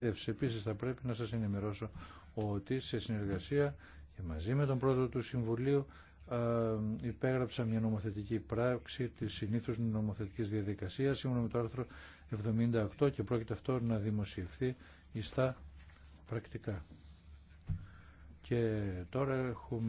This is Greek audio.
Επίσης θα πρέπει να σας ενημερώσω ότι σε συνεργασία και μαζί με τον πρόεδρο του Συμβουλίου υπέγραψα μια νομοθετική πράξη της συνήθους νομοθετική διαδικασίας σύμφωνα με το άρθρο 78 και πρόκειται αυτό να δημοσιευθεί στα πρακτικά. Και τώρα έχουμε